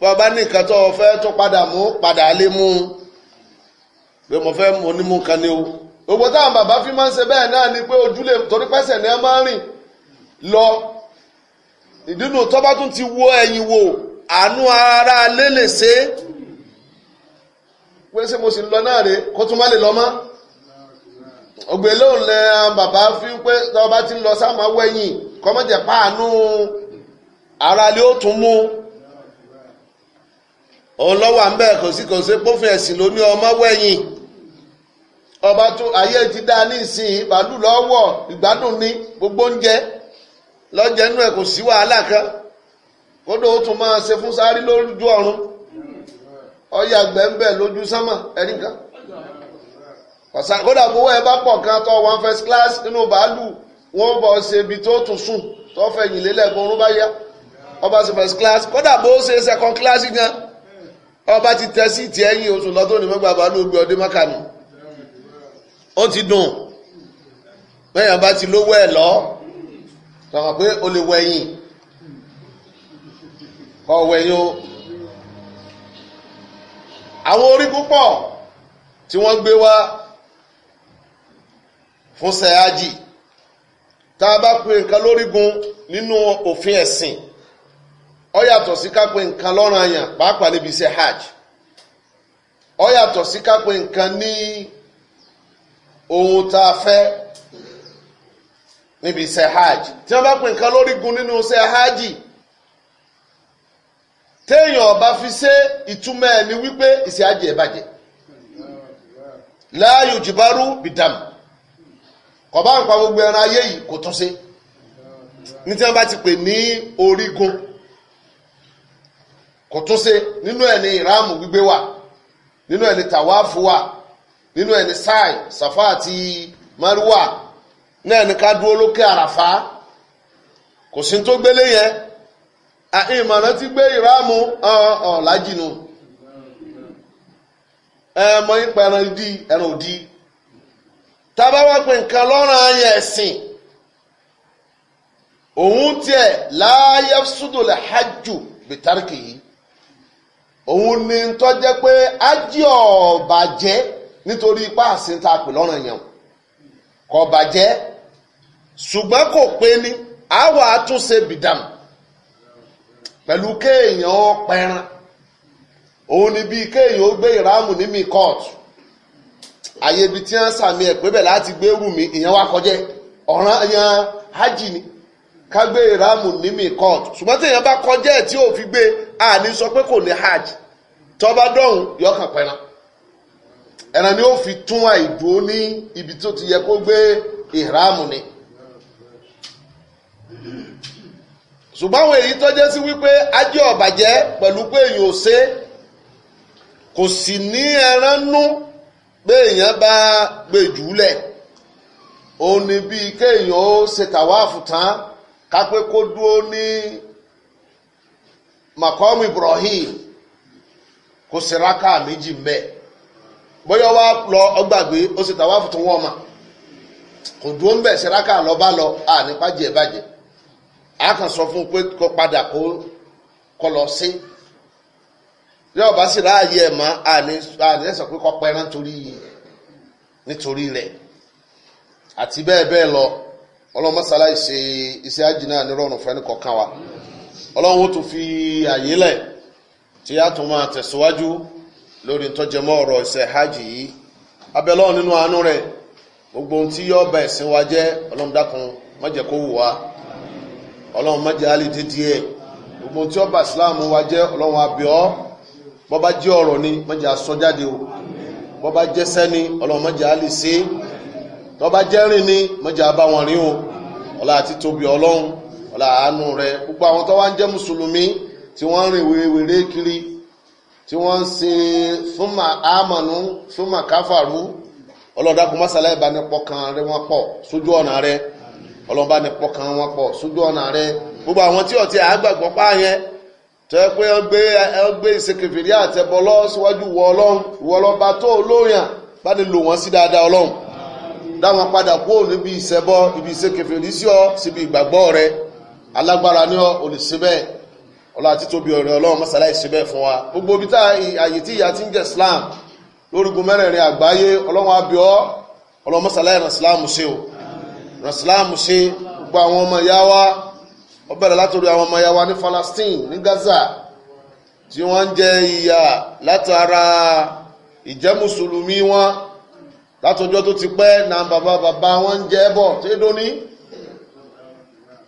bàbá nìkan tó fẹ́ tó padà mú padà lé mú un pé mo fẹ́ mo ní mú kan ní o gbogbo táwọn bàbá fi máa ń ṣe bẹ́ẹ̀ náà ni pé ojúlé torí pẹ́sẹ̀ ni ẹ máa ń rìn lọ ìdínú tọ́ba tún ti wo ẹ̀yìn wo àánú ara lé ṣe pé ṣé mo sì ń lọ náà rè kó tún má lè lọ mọ́ ògbè lóun lẹ bàbá fi pé ọba ti ń lọ sáàmà wẹ̀yìn kọ́mọ̀jẹ̀ páànù ara lè ó tún mú òun lọ́wọ́ à ń bẹ̀ kò sí kò ọmọ ọba tún ayé ti dá ní ìsìn ìbàdùn lọ́wọ́ ìgbádùn gbogbo oúnjẹ inú ẹ̀ kò sí wàhálà kan kódò ó tún máa ṣe fún ọyà gbẹ̀ǹbẹ̀ lójú sánmà ẹ̀rí kan kọ̀sá kódà bówó ẹ bá pọ̀ kan tọ́ one first class nínú bàálù wọ́n bọ̀ ṣe ibi tó tún sùn tó fẹ̀yìn lélẹ̀ kó orún bá yá ọba ṣe first class kódà bó ṣe second class gan ọba ti tẹ sí ìtì ẹ̀yìn oṣù lọ́tọ́ ní mẹ́gbàá bàálù gbé ọdún mọ́kà nù ó ti dùn mẹ́yàn bá ti lówó ẹ̀ lọ tọ̀hàn pé o lè wẹ̀yìn kọ̀ wẹ̀yìn o. àwọn orí púpọ̀ tí wọ́n gbé wá fún sẹ́ájì tá a bá pe nǹkan lórígun nínú òfin ẹ̀sìn ó yàtọ̀ sí ká pe nǹkan lọ́rùn àyàn pàápàá níbi iṣẹ́ hajj ó yàtọ̀ sí ká pe nǹkan ní ohun tá a fẹ́ níbi iṣẹ́ hajj tí wọ́n bá pe nǹkan lórígun nínú iṣẹ́ hajj. téèyàn ọba fi ṣe ìtumọ̀ ẹ̀ ni wípé ìṣe ajé ẹ̀ bàjẹ́ láàyò jìbárú bìdàm ọba ń pa gbogbo ẹran ayé yìí kò tún ṣe ní tí wọ́n bá ti pè ní orígun kò tún ṣe nínú ẹ̀ ní ìráàmù gbígbé wà nínú ẹ̀ ní tàwáàfù wà nínú ẹ̀ ní sáì sàfà àti márùwà náà ní ká dúró lókè àràfà kò sí tó gbélé yẹn Ah, ìmọ̀ràn ti gbé ìrámù ọ̀làjìnú ẹmọ ipa ẹran ìdí ẹran òdí tábà wá pé nǹkan lọ́rùn ayẹ ẹ̀sìn òun tiẹ̀ láàyè súdòlẹ̀ hajj bìtárìkì yìí òun ni ń tọ́jẹ́ pé ájí ọ̀bàjẹ́ nítorí ipá àsìntà pè lọ́rùn yẹn kò ṣùgbọ́n kò pé àwọn àtúnṣe bìdàmù. pẹ̀lú kéèyàn ó pẹran òun ni bíi kéèyàn ó gbé ìráàmù ní mi kóòtù àyè ibi tí wọ́n sàmì ẹ̀ bẹ̀ láti gbé rù ìyẹn wá kọjá ọ̀ràn yan hajj ni ká gbé ìráàmù ní mi kóòtù ṣùgbọ́n tí èèyàn bá kọjá ẹ̀ tí ò fi gbé àní sọ pé kò ní hajj tó bá dọ̀hún yọkàn pẹran ẹran ni ó fi tún àìdúró ní ibi tó ti yẹ kó gbé ìráàmù ni. ṣùgbọ́n àwọn èyí tó jẹ́ sí wípé ajé ọ̀bàjẹ́ pẹ̀lú pé èèyàn ò ṣe kò sì ní ẹran nú pé èèyàn bá gbé jùúlẹ̀ òun ni bíi kéèyàn ó ṣe tàwáàfù tán kápé kó dúró ní makom Ibrahim kò sì rákà méjì mbẹ bóyá wàá lọ ọgbàgbé ó ṣe tàwáàfù tó wọ́n mà kò dúró mbẹ ṣe rákà lọ́ba lọ ànípàjẹ́ bàjẹ́. a kàn sọ fún un pé kó padà kó kọ lọ sí yóò bá sì ráàyè ẹ̀ mọ́ àní àní ẹ̀sán pé kó pa ẹran torí nítorí rẹ̀ àti lọ ìṣe wa fi àyè lẹ̀ tí a tún máa tẹ̀síwájú lórí hajj yìí nínú àánú gbogbo ohun tí wa dákun má kó ọlọ́run mọ́jẹ́ alì dídí ẹ̀ gbogbo tí ọba islam wa jẹ́ ọlọ́run abẹ́ọ́ bọ́bá jẹ́ ọ̀rọ̀ ni mọ́jẹ́ asọ́jáde o bọ́bá jẹ́ sẹ́ni ọlọ́run mọ́jẹ́ alì tọ́bá jẹ́ rìn ni mọ́jẹ́ abá wọn rìn o ọlá àti tóbi ọlọ́run ọlá àánú rẹ gbogbo àwọn tó wá ń jẹ́ mùsùlùmí tí wọ́n rìn wèrèwèrè kiri tí wọ́n ń sin súnmà ámànú súnmà káfàrú ọlọ́dàkùn mọ́sálá ìbánipọ̀ kan rẹ wọ́n pọ̀ sójú ọ̀nà rẹ̀ ọlọ́ba ní pọkàn wọn pọ̀ sójú ọ̀nà rẹ gbogbo àwọn tí ọ̀tí àgbàgbọ́ pa yẹn tó yẹ pé ọgbẹ́ ìsekèfèrè àtẹ̀bọ̀ lọ síwájú wọ ọlọ́run ìwọ ọlọ́ba tó olóyàn bá ní lò wọ́n sí dáadáa ọlọ́run dáwọn padà kúrò níbi ìṣẹbọ ibi ìsekèfèrè sí ọ síbi ìgbàgbọ́ rẹ alágbára ní ọ olùsíbẹ̀ ọlọ́ àti tóbi ọ̀rẹ́ ọlọ́run mọ́sálá ìṣẹ́bẹ̀ fún wa gbogbo ibi tá àyè tí ìyá ti ń jẹ́ Islam lórígun mẹ́rẹ̀ẹ̀rin àgbáyé ọlọ́run abiọ́ ọlọ́run mọ́sálá ìrìn Islam ṣe o rasilamu ṣe gbogbo àwọn ọmọ ìyá wa ó bẹ̀rẹ̀ látòrí àwọn ọmọ ìyá wa ní Palestine ní Gaza tí wọ́n ń jẹ ìyà látara ìjẹ́ mùsùlùmí wọn látọjọ́ tó ti pẹ́ na bàbá bàbá wọn ń jẹ bọ̀ tí ó dóní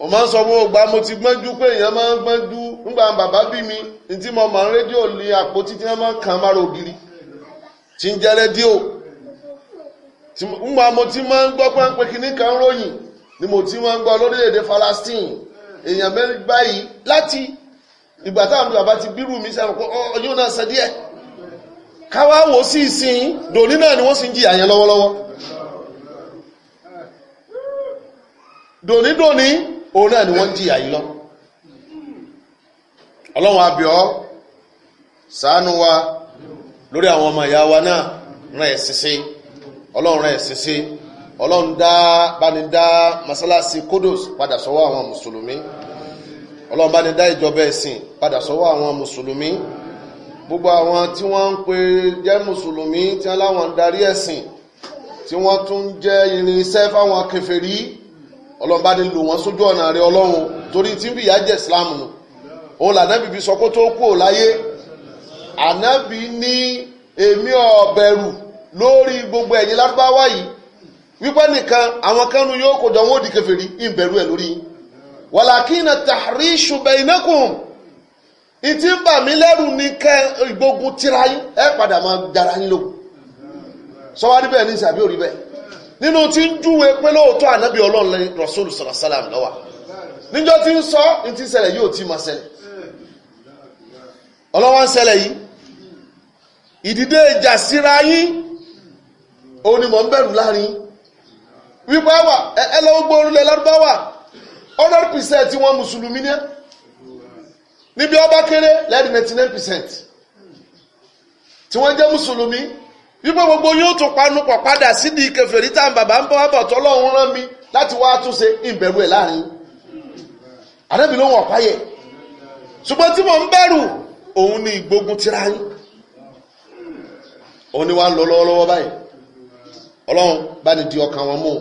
o máa ń sọ fún ògbà mo ti gbọ́njú pé èèyàn máa ń gbọ́njú nígbà bàbá bí mi ní tí mo mọ̀ rédíò lé àpótí tí wọ́n máa ń kàn máa rògiri tí ń jẹ́ rédíò ngbà mo ti máa ń gbọ́ pẹ́ńpẹ́ kínní kan ròyìn ni mo ti máa ń gbọ́ lórílẹ̀‐èdè Palestine èèyàn mẹ́rin báyìí láti ìgbà táwọn bàbá ti bírù mi sẹ́wọ̀n pé ọyún náà ṣe díẹ̀ káwá wò sí ìsìn dòní náà ni wọ́n sì ń jìyà yẹn lọ́wọ́lọ́wọ́ dòní dòní òun náà ni wọ́n ń jìyà yìí lọ ọlọ́run abíọ́ ṣàánú wa lórí àwọn ọmọ ìyá wa náà rán sísìn ọlọ́run rẹ̀ ṣinṣe ọlọ́run dá báni dá masalasi kodos padà sọ́wọ́ àwọn mùsùlùmí ọlọ́run báni dá ìjọba ẹ̀sìn padà sọ́wọ́ àwọn mùsùlùmí gbogbo àwọn tí wọ́n ń pè jẹ́ mùsùlùmí tí wọ́n láwọn ń darí ẹ̀sìn tí wọ́n tún jẹ́ irinṣẹ́ fáwọn kèfèrí ọlọ́run báni lò wọ́n sójú ọ̀nà rẹ̀ ọlọ́run torí tí ń bìyà jẹ́ islam nù òun làdẹ́bí fi sọ kó tó kú ò láyé ànábì ní èmi ọ̀bẹ̀rù lórí gbogbo ẹ̀yin lárúbáwá yìí wípé nìkan àwọn kanu yóò kó jọ wọn ò di kèfèrí ìbẹ̀rù ẹ̀ lórí wàlàkínà tahrishu bainakum ń bà mí lẹ́rù ní kẹ́ ìgbógun yín ẹ padà máa dára yín lò sọwádìí bẹ́ẹ̀ ní òrí bẹ́ẹ̀ nínú tí ń júwe pé lóòótọ́ ànábì rọ̀ṣọ́lù níjọ́ tí ń sọ ní ti yóò ti máa òun ni mò ń láàrin wípé wà ẹ orílẹ̀ lárúbáwà 100% percent wọn mùsùlùmí ní níbi ọba kéré lẹ́ẹ̀dì ninety percent tí wọ́n jẹ́ mùsùlùmí wípé gbogbo yóò tún panupọ̀ padà sídìí kèfèrí tá bàbá ń bọ́ àbọ̀ tọ́lọ́run rán mi láti wá túnṣe ìbẹ̀rù ẹ̀ láàrin àdébí ló ń ọ̀páyẹ ṣùgbọ́n tí ń bẹ̀rù òun ni ìgbógun yín òun ni ń ọlọ́run bá ní di ọkàn wọn mú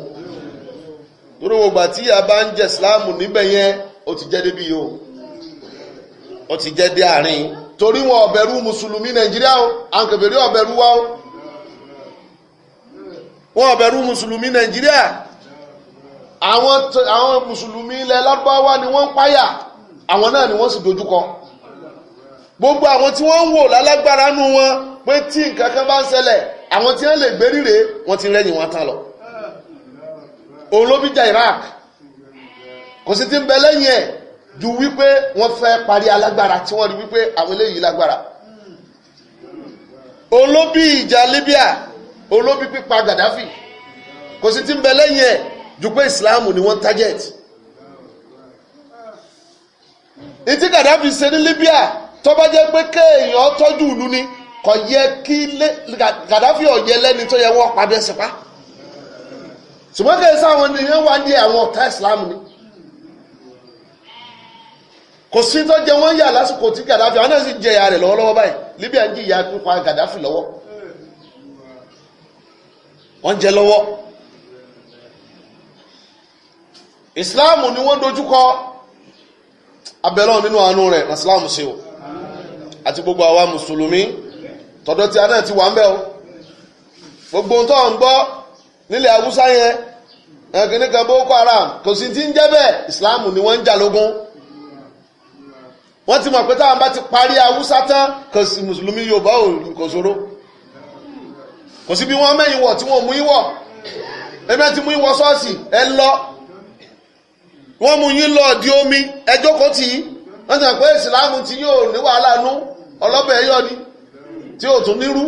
torí wọn gbà tí a bá ń jẹ síláàmù níbẹ̀ yẹn ó ti jẹ́ débi o ó ti jẹ́ dé àárín torí wọn ọ̀bẹ̀rù mùsùlùmí nàìjíríà o àǹkàbẹ̀rẹ̀ ọ̀bẹ̀rù wa o wọn ọ̀bẹ̀rù mùsùlùmí nàìjíríà àwọn mùsùlùmí ilẹ̀ lárúbáwá ni wọ́n ń páyà àwọn náà ni wọ́n sì dojúkọ gbogbo àwọn tí wọ́n ń wò lálágbára nù wọn pé tí nǹkan kan bá ń ṣẹlẹ̀ àwọn tí wọ́n lè gbé ríre wọ́n ti rẹ́yìn wọn tán lọ òun Iraq kò sí ti ń bẹ lẹ́yìn ẹ̀ ju wípé wọ́n fẹ́ parí alágbára tí wọ́n rí wípé àwọn eléyìí lágbára òun ìjà Libya òun pípa Gaddafi kò sí ti ń bẹ lẹ́yìn ẹ̀ ju pé Islam ni wọ́n target ìtí Gaddafi ṣe ní Libya tó bá jẹ́ pé kéèyàn tọ́jú ìlú ni kọ yẹ kí ọ ọ̀yẹ lẹ́ni tó yẹ wọ́n padà sípa ṣùgbọ́n kí ẹ̀sán àwọn ènìyàn wá ní àwọn ọ̀tá Islam ni kò sí tó jẹ wọ́n yà lásìkò tí Gaddafi àwọn náà sì jẹ ìyà rẹ̀ lọ́wọ́lọ́wọ́ báyìí Libya ń jìyà pípa Gaddafi lọ́wọ́ wọ́n jẹ lọ́wọ́ Islam ni wọ́n dojúkọ abẹ́lọ́ nínú àánú rẹ̀ o àti gbogbo àwa mùsùlùmí. tọ̀dọ̀ tí a náà ti wà ń bẹ̀ o gbogbo tó ń gbọ́ nílẹ̀ haúsá yẹn ẹ̀kíní kan boko haram kò sí ti ń jẹ́ bẹ́ẹ̀ ìsìláàmù ni wọ́n ń jà lógún wọ́n ti mọ̀ pé táwọn bá ti parí haúsá tán kò sí mùsùlùmí yorùbá ò kò ṣòro kò sí bí wọ́n mẹ́yìn wọ̀ tí wọ́n mú yín wọ̀ ẹ̀mẹ́ ti mú yín wọ ṣọ́ọ̀ṣì ẹ lọ wọ́n mú yín lọ di omi ẹjọ́ kò tì wọ́n ti mọ̀ pé ìsìláàmù ti yóò ní wàhálà nú ọlọ́bẹ̀ ẹ̀yọ́ ni tí ò tún nírú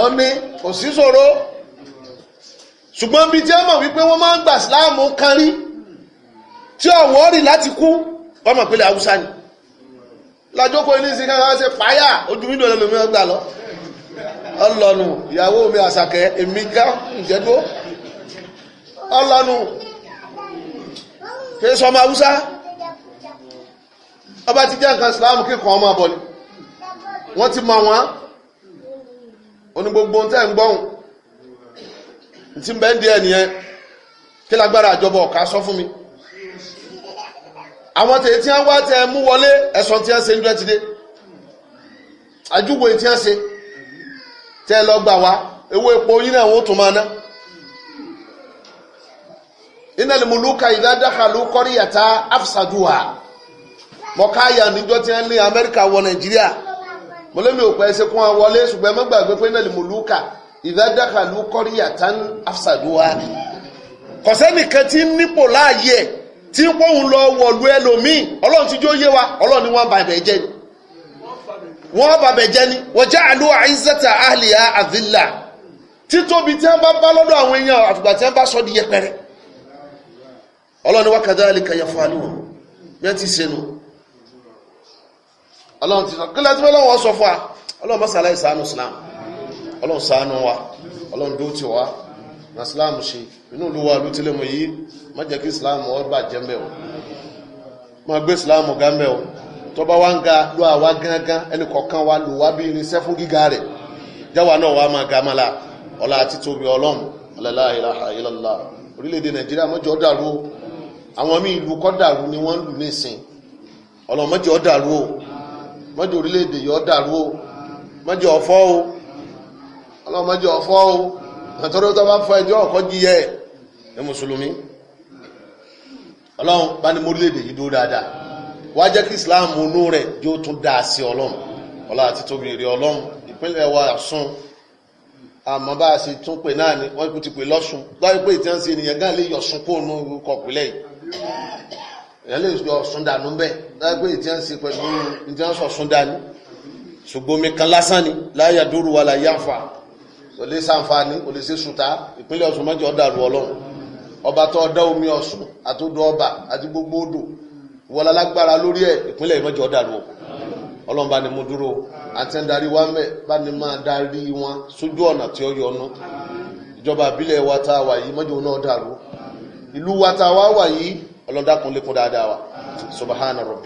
ẹ̀ ní kò sí ṣòro ṣùgbọ́n bíi tí a mọ̀ wípé wọ́n máa ń gbà síláàmù kan rí tí ọ̀wọ́ rì láti kú ọmọ ìpínlẹ̀ haúsá ni lájókòó ní sí kankan ṣe fàyà ojú mi dòlẹ́ lómi ọgbà lọ ọlọ́nu ìyàwó mi àṣàkẹ́ èmi gá ìjẹ́dó ọlọ́nu kí sọmọ haúsá ọba ti jẹ́ nǹkan síláàmù kíkan ọmọ àbọ̀ wọ́n ti mọ̀ wọ́n oní gbogbo ohun tẹ́ ń gbọ́hùn tí ń bẹ́ ń di ẹ̀ nìyẹn kí lágbára àjọba ọ̀ka sọ fún mi àwọn tèyí tí wọ́n wá tẹ mú wọlé ẹ̀sán tí wọ́n ṣe ń jọ́ ti dé àjúwò tí wọ́n ṣe tẹ́ lọ gbà wá ewé epo yín náà wọ́n tún máa ná iná lè mú lúkà ìdádákàlú kọ́ríyàtà afsaduwa mọ̀ká yà níjọ́ tí wọ́n ní Amẹ́ríkà wọ Nàìjíríà mo lẹ́mi òpẹ́ ẹsẹ̀ kún wọn ṣùgbọ́n gbàgbé pé náà lè lùkà ìdádàkàlù kọ́ríyà tán afṣàdúwà kọ̀sẹ́nìkan tí ń nípò láàyè tí ń pọ́hùn lọ wọ̀lú ẹlòmíì ọlọ́run ti jó yé wa ọlọ́run ni wọ́n bàbẹ̀ jẹ́ ni wọ́n jẹ́ ni àlú àhìlìyà àdìlà títóbi tí wọ́n bá bá lọ́dọ̀ àwọn èèyàn tí wọ́n bá sọ ọlọ́run ti sọ kí lẹ́tí mẹ́lọ́run wọ́n sọ fún wa ọlọ́run bá sàlẹ̀ ìsànù islam wa ọlọ́run dó ti wa na islam ṣe inú ìlú wa lútílẹ̀ mọ̀ yìí má jẹ́ kí islam ọ bà jẹ́ mbẹ̀ o má gbé islam ga mbẹ̀ o tó bá wá ń ga lọ àwa gángan ẹnì wa lò wá bí irinṣẹ́ fún gíga rẹ̀ jáwa náà wá máa ga ọlá àti tóbi ọlọ́run mọ́jọ́ dàrú mọ́jọ orílẹ̀-èdè yọ dàrú o mọ́jọ ọ̀fọ́ o ọlọ́run mọ́jọ ọ̀fọ́ o àtọ́rọ́ tó bá fọ ẹjọ́ ọ̀kọ́ jíyẹ ẹ̀ mùsùlùmí ọlọ́run bá ní mórílẹ̀-èdè yìí dúró dáadáa wá jẹ́ kí islam inú rẹ̀ yóò tún dáa sí ọlọ́run ọlá àti tóbi èrè ọlọ́run ìpínlẹ̀ wa Ọ̀ṣun àmọ́ bá a ṣe tún pè náà ni wọ́n ti pè lọ́sùn gbáyé pé ìtẹ́ǹsì ènìyàn gán lè yọ̀sùn kó nù kọ̀pìlẹ̀ yìí èèyàn lè jọ sundanu bẹ lágbé ìtí à sọ sundanu ṣùgbọ́n kan lásán ni láyà dúró wà láyà ń fa kò lè lè ìpínlẹ̀ ọba tó omi àtòdó ọba àti gbogbo odò wọlá lágbára lórí bá ní mo dúró àti wa bá ní máa darí wọn sójú ọ̀nà tí ó ìjọba wa wa ọlọ́dàkùn lékún dáadáa wa subhana rabbi